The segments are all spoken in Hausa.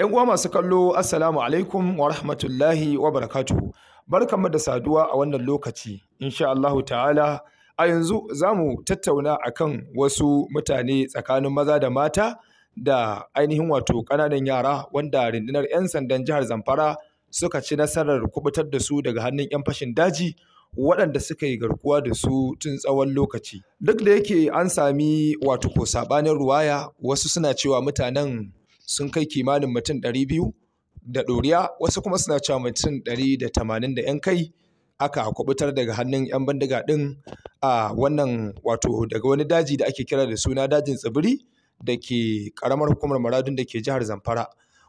'Yan uwa masu kallo, Assalamu alaikum wa rahmatullahi wa barakatu Barkanmu da saduwa a wannan lokaci, insha Allah ta'ala. A yanzu za mu tattauna akan wasu mutane tsakanin maza da mata da ainihin wato ƙananan yara wanda rindinar 'yan sandan jihar Zamfara suka ci nasarar kubutar da su daga hannun 'yan fashin daji waɗanda suka yi garkuwa da su tun tsawon lokaci. Duk da yake an sami wato ko saɓanin ruwaya wasu suna cewa mutanen sun kai kimanin mutum ɗari biyu da ɗoriya wasu kuma suna cewa mutum ɗari da tamanin da 'yan kai aka kubutar daga hannun 'yan bandiga ɗin a wannan wato daga wani daji da ake kira da suna dajin tsibiri da ke ƙaramar hukumar maradun da ke jihar zamfara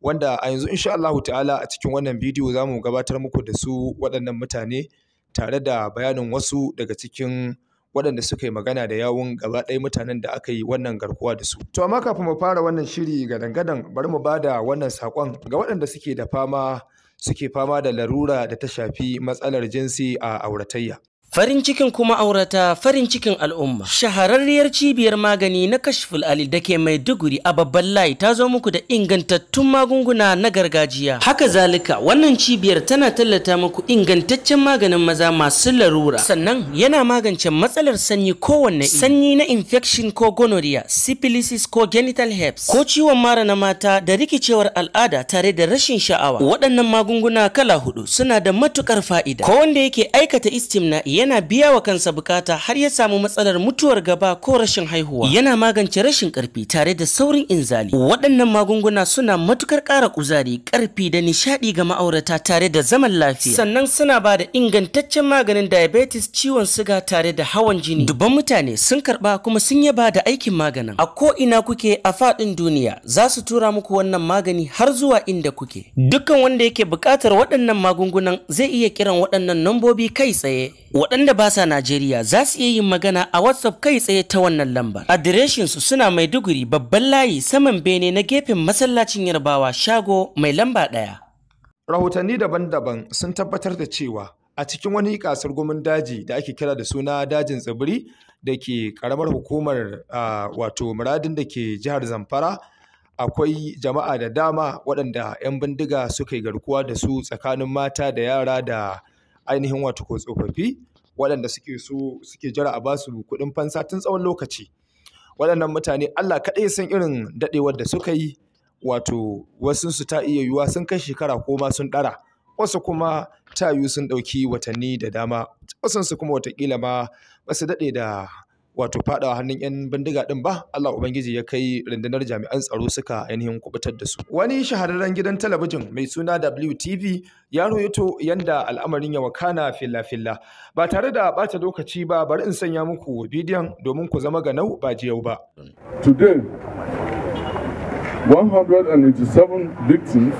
wanda a yanzu insha Allahu ta'ala a cikin wannan bidiyo za mu gabatar muku da su waɗannan mutane tare da bayanin wasu daga cikin waɗanda suka yi magana da yawun gaba ɗaya mutanen da aka yi wannan garkuwa da su. To amma kafin mu fara wannan shiri ga dangadan bari mu bada wannan saƙon ga waɗanda suke da fama suke fama da larura da ta shafi matsalar jinsi a auratayya. Farin cikin kuma aurata farin cikin al'umma. Shahararriyar cibiyar magani na kashful ali da ke Maiduguri a babban layi ta zo muku da ingantattun magunguna na gargajiya. Haka zalika wannan cibiyar tana tallata muku ingantaccen maganin maza masu larura. Sannan yana magance matsalar sanyi kowanne Sanyi na infection ko gonorrhea, syphilis ko genital herpes, ko ciwon mara na mata da rikicewar al'ada tare da rashin sha'awa. Waɗannan magunguna kala hudu suna da matukar fa'ida. Ko wanda yake aikata istimna yana biya wa kansa bukata har ya samu matsalar mutuwar gaba ko rashin haihuwa yana magance rashin karfi tare da saurin inzali waɗannan magunguna suna matukar ƙara kuzari karfi da nishaɗi ga ma'aurata tare da zaman lafiya sannan suna ba da ingantaccen maganin diabetes ciwon siga tare da hawan jini dubban mutane sun karɓa kuma sun yaba da aikin maganin a ko ina kuke a faɗin duniya za su tura muku wannan magani har zuwa inda kuke dukkan wanda yake bukatar waɗannan magungunan zai iya kiran waɗannan nambobi kai tsaye waɗanda ba sa Najeriya za su iya yin magana a WhatsApp kai tsaye ta wannan lambar. su suna Maiduguri babban layi saman bene na gefen masallacin Yarbawa shago mai lamba ɗaya. Rahotanni daban-daban sun tabbatar da cewa a cikin wani kasar gomin daji da ake kira da suna dajin tsibiri da ke karamar hukumar wato muradin da ke jihar zamfara akwai jama'a da dama waɗanda 'yan bindiga suka yi garkuwa da su tsakanin mata da yara da ainihin wato ko tsofaffi waɗanda suke so suke jira a basu kuɗin fansa tun tsawon lokaci waɗannan mutane Allah kaɗai san irin daɗewar da suka yi wato wasu su ta iya yiwuwa sun kai shekara ko ma sun ɗara wasu kuma ta yiwu sun ɗauki watanni da dama wasu kuma watakila ma ba daɗe da wato fadawa hannun yan bindiga din ba Allah ubangiji ya kai rundunar jami'an tsaro suka ainihin kubutar da su wani shahararren gidan talabijin mai suna WTV ya rawaito yanda al'amarin ya wakana filla filla ba tare da bata lokaci ba bari in sanya muku bidiyon domin ku zama ganau ba jiyau ba today 187 victims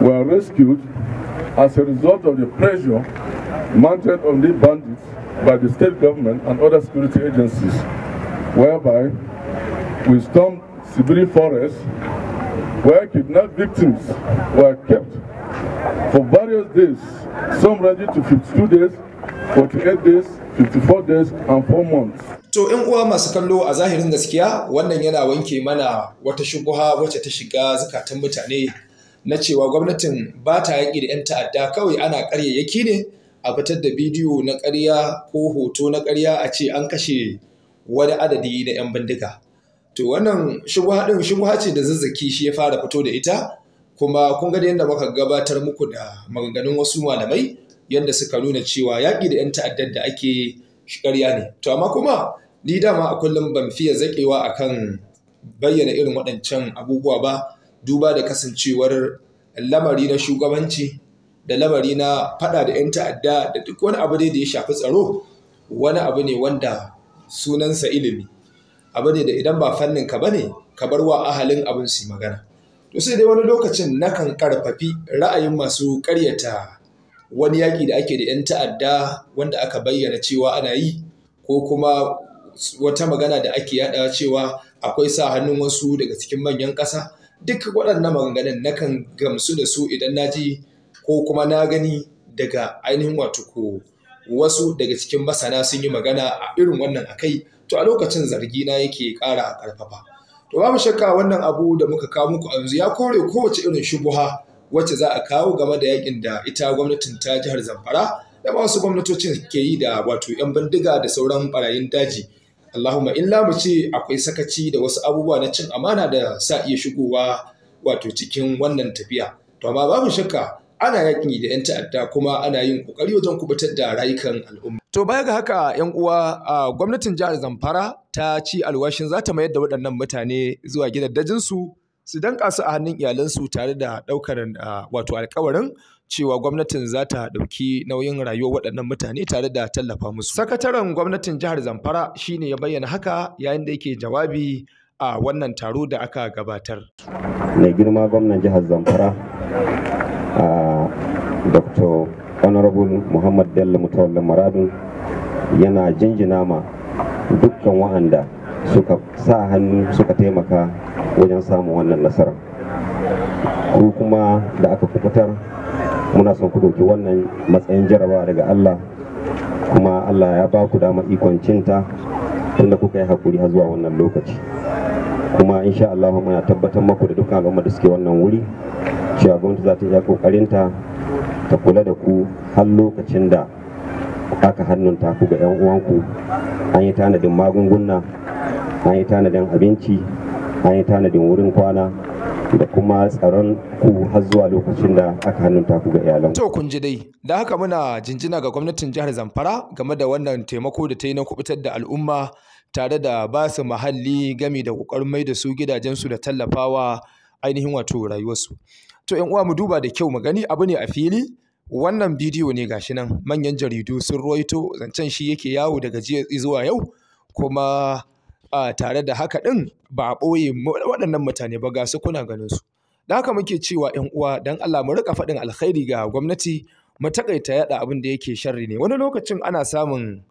were rescued as a result of the pressure mounted on the bandits by the state government and other security agencies, whereby we stormed Sibiri Forest, where kidnapped victims were kept for various days, some ranging to 52 days, 48 days, 54 days, and 4 months. To ‘yan uwa masu kallo a zahirin gaskiya wannan yana wanke mana wata shubuha wacce ta shiga zakatan mutane na cewa gwamnatin ba ta yaƙi da ‘yan ta'adda kawai ana ƙaryayyaki ne a fitar da bidiyo na karya ko hoto na karya a ce an kashe wani adadi na 'yan bindiga to wannan shubha din ce da zazzaki shi ya fara fito da ita kuma kun ga yadda muka gabatar muku da maganganun wasu malamai yadda suka nuna cewa yaƙi da 'yan ta'addar da ake karya ne to amma kuma ni dama a kullum ban fiye zaƙewa akan bayyana irin waɗancan abubuwa ba duba da kasancewar lamari na shugabanci da lamari na fada da 'yan ta'adda da duk wani abu da ya shafi tsaro wani abu ne wanda sunansa ilimi abu ne da idan ba fannin ka bane ka bar wa ahalin abin su magana to sai dai wani lokacin na kan karfafi ra'ayin masu karyata wani yaƙi da ake da 'yan ta'adda wanda aka bayyana cewa ana yi ko kuma wata magana da ake yada cewa akwai sa hannun wasu daga cikin manyan ƙasa duk waɗannan maganganun nakan gamsu da su idan na ji ko kuma na gani daga ainihin wato ko wasu daga cikin masana sun yi magana a irin wannan akai to a lokacin zargi na yake kara a karfafa. to babu shakka wannan abu da muka kawo muku a yanzu ya kore kowace irin shubuha wacce za a kawo game da yakin da ita gwamnatin ta jihar Zamfara da wasu gwamnatocin ke yi da wato 'yan bindiga da sauran barayin daji Allahumma illa mu ce akwai sakaci da wasu abubuwa na cin amana da sa iya shigowa wato cikin wannan tafiya to amma babu shakka ana yaƙi da 'yan ta'adda kuma ana yin ƙoƙari wajen kubutar da rayukan al'umma. To baya ga haka 'yan uwa a gwamnatin jihar Zamfara ta ci alwashin za ta mayar da waɗannan mutane zuwa gidajensu su danƙa su a hannun iyalansu tare da ɗaukar wato alkawarin cewa gwamnatin za ta ɗauki nauyin rayuwar waɗannan mutane tare da tallafa musu. Sakataren gwamnatin jihar Zamfara shine ya bayyana haka yayin da yake jawabi a wannan taro da aka gabatar. Mai girma gwamnan jihar Zamfara dr honorable muhammad bello Mutawalla maradun yana jinjina ma dukkan wa'anda suka sa hannu suka taimaka wajen samun wannan nasara ko kuma da aka kubutar muna son ku ɗauki wannan matsayin jarawa daga allah kuma allah ya ba ku dama ikon cinta tunda kuka yi hakuri har zuwa wannan lokaci kuma insha Allah muna tabbatar maku da dukkan al'umma da suke wannan wuri cewa gwamnati za ta iya kokarinta ta kula da ku har lokacin da aka hannun taku ga 'yan uwanku an yi tanadin magunguna an yi tanadin abinci an yi tanadin wurin kwana da kuma tsaron ku har zuwa lokacin da aka hannunta ku ga iyalan. To kun ji dai, da haka muna jinjina ga gwamnatin jihar Zamfara game da wannan taimako da ta yi na kubutar da al'umma tare da ba su muhalli gami da kokarin mai da su gidajensu da tallafawa ainihin wato rayuwarsu. to yanuwa uwa mu duba da kyau mu gani abu ne a fili wannan bidiyo ne gashi nan manyan jaridu sun ruwaito zancen shi yake yawo daga jiya zuwa yau kuma a tare da haka ɗin ba a ɓoye waɗannan mutane ba ga su kuna ganin su da haka muke cewa yan uwa dan Allah mu rika faɗin alkhairi ga gwamnati mu takaita yaɗa abin da yake sharri ne wani lokacin ana samun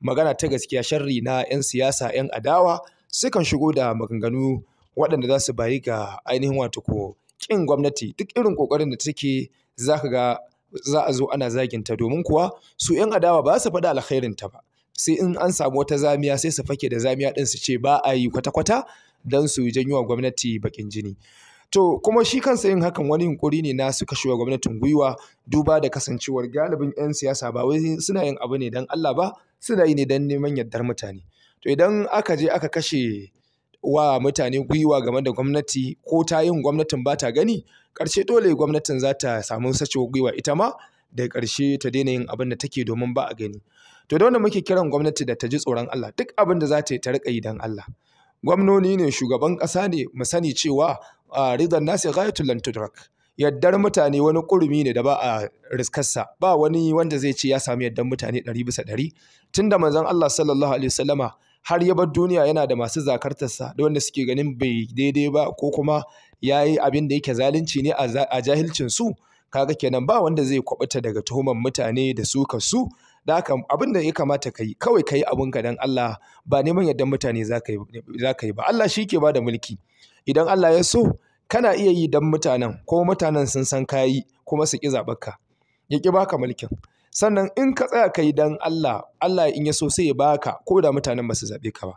magana ta gaskiya sharri na 'yan siyasa 'yan adawa sukan shigo da maganganu waɗanda za su bayi ga ainihin wato ko ƙin gwamnati duk irin ƙoƙarin da take za ka ga za a zo ana zaginta domin kuwa su 'yan adawa ba su faɗi alkhairinta ba sai in an samu wata zamiya sai su fake da zamiya ɗin su ce ba a yi kwata-kwata don su janyo wa gwamnati bakin jini. To kuma shi kansa yin hakan wani yunkuri ne na su kashewa gwamnatin gwiwa duba da kasancewar galibin 'yan siyasa ba wai suna yin abu ne don Allah ba suna yi ne don neman yardar mutane. To idan aka je aka kashe wa mutane gwiwa game da gwamnati ko ta yin gwamnatin ba ta gani ƙarshe dole gwamnatin za ta samu sacewar gwiwa ita ma da karshe ta daina yin abin da take domin ba a gani to da wanda muke kiran gwamnati da ta ji tsoron Allah duk abin da za ta yi ta riƙa yi don Allah gwamnoni ne shugaban ƙasa ne mu sani cewa ridan nasi ghayatul lan tudrak yaddar mutane wani kurmi ne da ba a riskarsa ba wani wanda zai ce ya sami yaddar mutane ɗari bisa ɗari tunda manzon Allah sallallahu alaihi wasallama har ya bar duniya yana da masu zakartarsa da wanda suke ganin bai daidai ba ko kuma ya yi abin da yake zalunci ne a jahilcinsu? su kaga kenan ba wanda zai kwabuta daga tuhumar mutane da su ka su da haka abin da ya kamata ka yi kawai ka yi ka don Allah ba neman yadda mutane za ka yi ba Allah shi ke ba da mulki idan Allah ya so kana iya yi dan mutanen ko mutanen sun san kayi kuma su ƙi zaɓarka ya ƙi baka mulkin sannan in ka tsaya ka yi dan Allah Allah in ya so sai ya baka ko da mutanen ba su zaɓe ka ba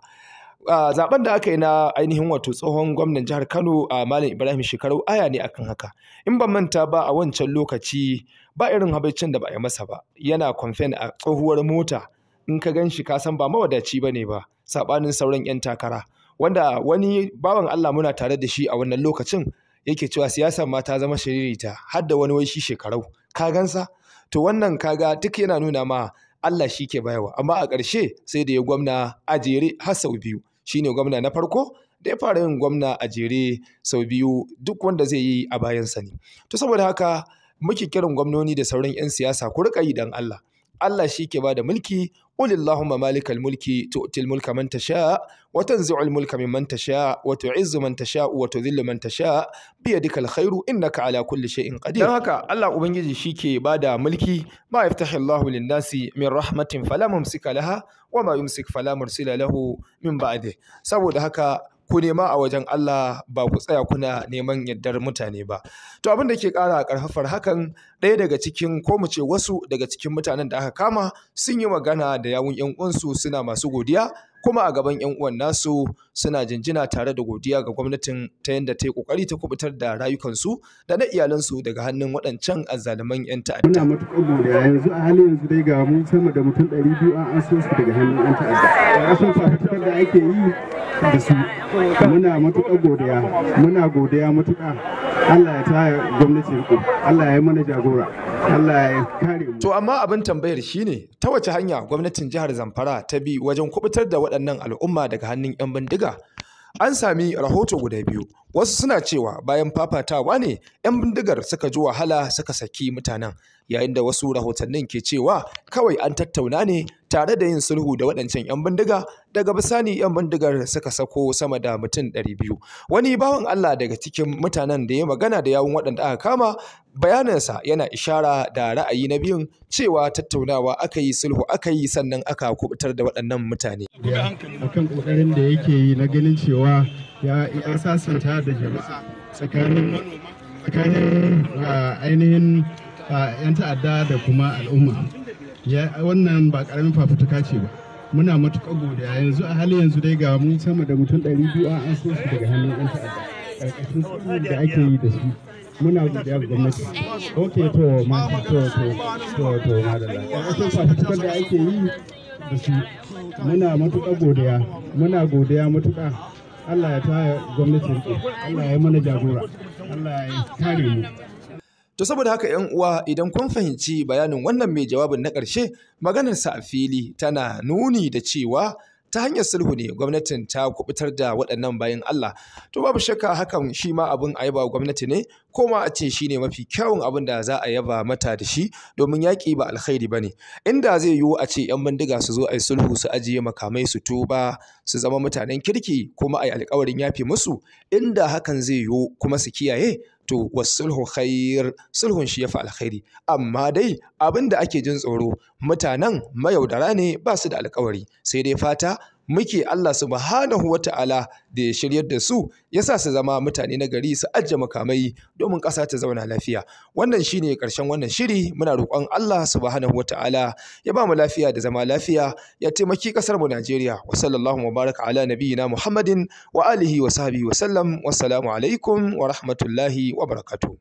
zaben da aka yi na ainihin wato tsohon gwamnan jihar Kano a Malam Ibrahim Shekarau aya ne akan haka in ban manta ba a wancan lokaci ba irin habaicin da ba a yi masa ba yana kwamfen a tsohuwar mota in ka gan shi ka san ba mawadaci ba ne ba saɓanin sauran 'yan takara wanda wani bawan Allah muna tare da shi a wannan lokacin yake cewa siyasar ma ta zama shiririta har da wani wai shi shekarau ka gansa to wannan kaga duk yana nuna ma Allah shi ke bayarwa amma a ƙarshe sai da ya gwamna a jere har sau biyu shine gwamna na farko da ya fara yin gwamna a jere sau biyu duk wanda zai yi a bayan sani to saboda haka muke kiran gwamnoni da sauran 'yan siyasa ku riƙa yi dan Allah Allah shi ke ba da mulki قل اللهم مالك الملك تؤتي الملك من تشاء وتنزع الملك ممن تشاء وتعز من تشاء وتذل من تشاء بيدك الخير انك على كل شيء قدير dan haka Allah ubangiji ke bada mulki ma yaftahi Allahu lin min rahmatin fala mumsika laha wa ma yumsik fala min ba'di saboda haka ku nema a wajen Allah ba ku tsaya kuna neman yardar mutane ba to abin da ke ƙara ƙarfafar hakan ɗaya daga cikin ko mu ce wasu daga cikin mutanen da aka kama sun yi magana da yawun ƴan uwansu suna masu godiya kuma a gaban yan uwan nasu suna jinjina tare da godiya ga gwamnatin ta yadda ta yi ƙoƙari ta kubutar da rayukansu da na iyalansu daga hannun waɗancan azzaluman ƴan ta'adda. Muna matuƙar godiya yanzu a halin yanzu dai ga mun sama da mutum ɗari biyu an aso su daga hannun ƴan ta'adda. Rashin fafutukar da ake yi da su muna matuƙa godiya muna godiya matuƙa Allah ya gwamnati ku Allah ya mana jagora Allah ya kare mu to amma abin tambayar shine ta wace hanya gwamnatin jihar Zamfara ta bi wajen kubutar da waɗannan al'umma daga hannun 'yan bindiga an sami rahoto guda biyu wasu suna cewa bayan fafatawa ne 'yan bindigar suka ji wahala suka saki mutanen yayin da wasu rahotannin ke cewa kawai an tattauna ne tare da yin sulhu da waɗancan 'yan bindiga daga bisani 'yan bindigar suka sako sama da mutum 200 wani bawan Allah daga cikin mutanen da ya magana da yawun waɗanda aka kama bayaninsa yana ishara da ra'ayi na biyun cewa tattaunawa aka yi sulhu aka yi sannan aka kubutar da waɗannan mutane akan da yake yi na ganin cewa ya sasanta da jama'a tsakanin ah, ainihin 'yan ta'adda da kuma al'umma wannan ba karamin fafutuka ce ba muna matuƙar godiya yanzu a halin yanzu dai ga mu sama da mutum 200 an so su daga hannun 'yan ta'adda ƙarƙashin da ake yi da su muna godiya ga gwamnati ok to ma to to to to ma da ƙarƙashin fafutukan da ake yi da su muna matuƙar godiya muna godiya matuƙa Allah ya ta gwamnatin Allah ya mana jagora Allah ya kare mu To saboda haka ‘yan uwa idan kun fahimci bayanin wannan mai jawabin na ƙarshe sa a fili tana nuni da cewa ta hanyar sulhu ne gwamnatin ta kubutar da waɗannan bayan Allah to babu shakka hakan shi ma abin a yaba gwamnati ne ko ma a ce shi ne mafi kyawun abin da za a yaba mata da shi domin yaƙi ba alkhairi ba ne inda zai yiwu a ce 'yan bindiga su zo a yi sulhu su ajiye makamai su tuba su zama mutanen kirki kuma a yi alkawarin yafe musu inda hakan zai yiwu kuma su kiyaye to wasulhu khair sulhun shi ya fa alkhairi amma dai abinda da ake jin tsoro mutanen mayaudara ne ba su da alkawari sai dai fata muke Allah subhanahu wa ta'ala da ya shiryar da su ya sa su zama mutane na gari su ajiye makamai domin ƙasa ta zauna lafiya wannan shi ne ƙarshen wannan shiri muna roƙon Allah subhanahu wa ta'ala ya ba mu lafiya da zama lafiya ya taimaki ƙasar mu Najeriya wa sallallahu wa baraka ala nabiyina Muhammadin wa alihi wa sahbihi wa sallam wassalamu alaikum wa rahmatullahi wa barakatuh